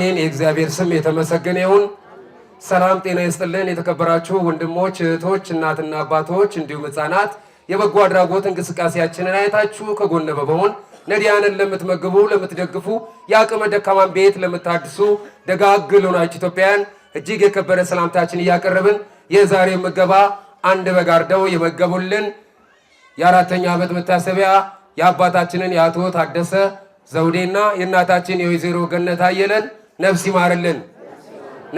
አሜን። የእግዚአብሔር ስም የተመሰገነ ይሁን። ሰላም ጤና ይስጥልን። የተከበራችሁ ወንድሞች፣ እህቶች፣ እናትና አባቶች እንዲሁም ህፃናት የበጎ አድራጎት እንቅስቃሴያችንን አይታችሁ ከጎን በመሆን ነዲያንን ለምትመግቡ፣ ለምትደግፉ፣ የአቅመ ደካማን ቤት ለምታድሱ ደጋግ ለሆናችሁ ኢትዮጵያውያን እጅግ የከበረ ሰላምታችን እያቀረብን የዛሬ ምገባ አንድ በግ አርደው የመገቡልን የአራተኛ ዓመት መታሰቢያ የአባታችንን የአቶ ታደሰ ዘውዴና የእናታችን የወይዘሮ ገነት አየለን ነፍስ ይማርልን፣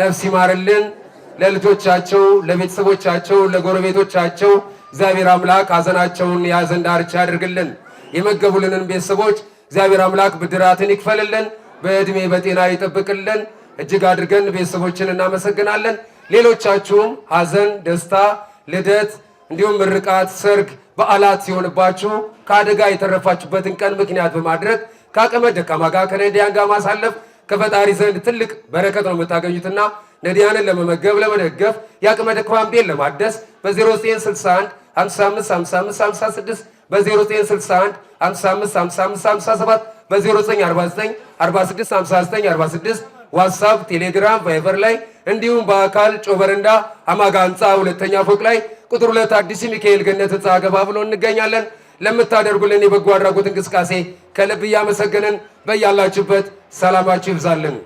ነፍስ ይማርልን። ለልጆቻቸው፣ ለቤተሰቦቻቸው፣ ለጎረቤቶቻቸው እግዚአብሔር አምላክ ሐዘናቸውን የሐዘን ዳርቻ ያድርግልን። የመገቡልንን ቤተሰቦች እግዚአብሔር አምላክ ብድራትን ይክፈልልን፣ በዕድሜ በጤና ይጠብቅልን። እጅግ አድርገን ቤተሰቦችን እናመሰግናለን። ሌሎቻችሁም ሐዘን፣ ደስታ፣ ልደት እንዲሁም ምርቃት፣ ሰርግ፣ በዓላት ሲሆንባችሁ ከአደጋ የተረፋችሁበትን ቀን ምክንያት በማድረግ ከአቅመ ደካማ ጋር ከነዳያን ጋር ማሳለፍ ከፈጣሪ ዘንድ ትልቅ በረከት ነው የምታገኙትና ነዳያንን ለመመገብ ለመደገፍ፣ የአቅመ ደካማን ቤት ለማደስ በ0961 በ0961 በ0949 ዋትሳፕ፣ ቴሌግራም፣ ቫይበር ላይ እንዲሁም በአካል ጮበረንዳ አማጋ ህንፃ ሁለተኛ ፎቅ ላይ ቁጥር ሁለት አዲስ ሚካኤል ገነት ህንፃ ገባ ብሎ እንገኛለን። ለምታደርጉልን የበጎ አድራጎት እንቅስቃሴ ከልብ እያመሰገንን በያላችሁበት ሰላማችሁ ይብዛልን።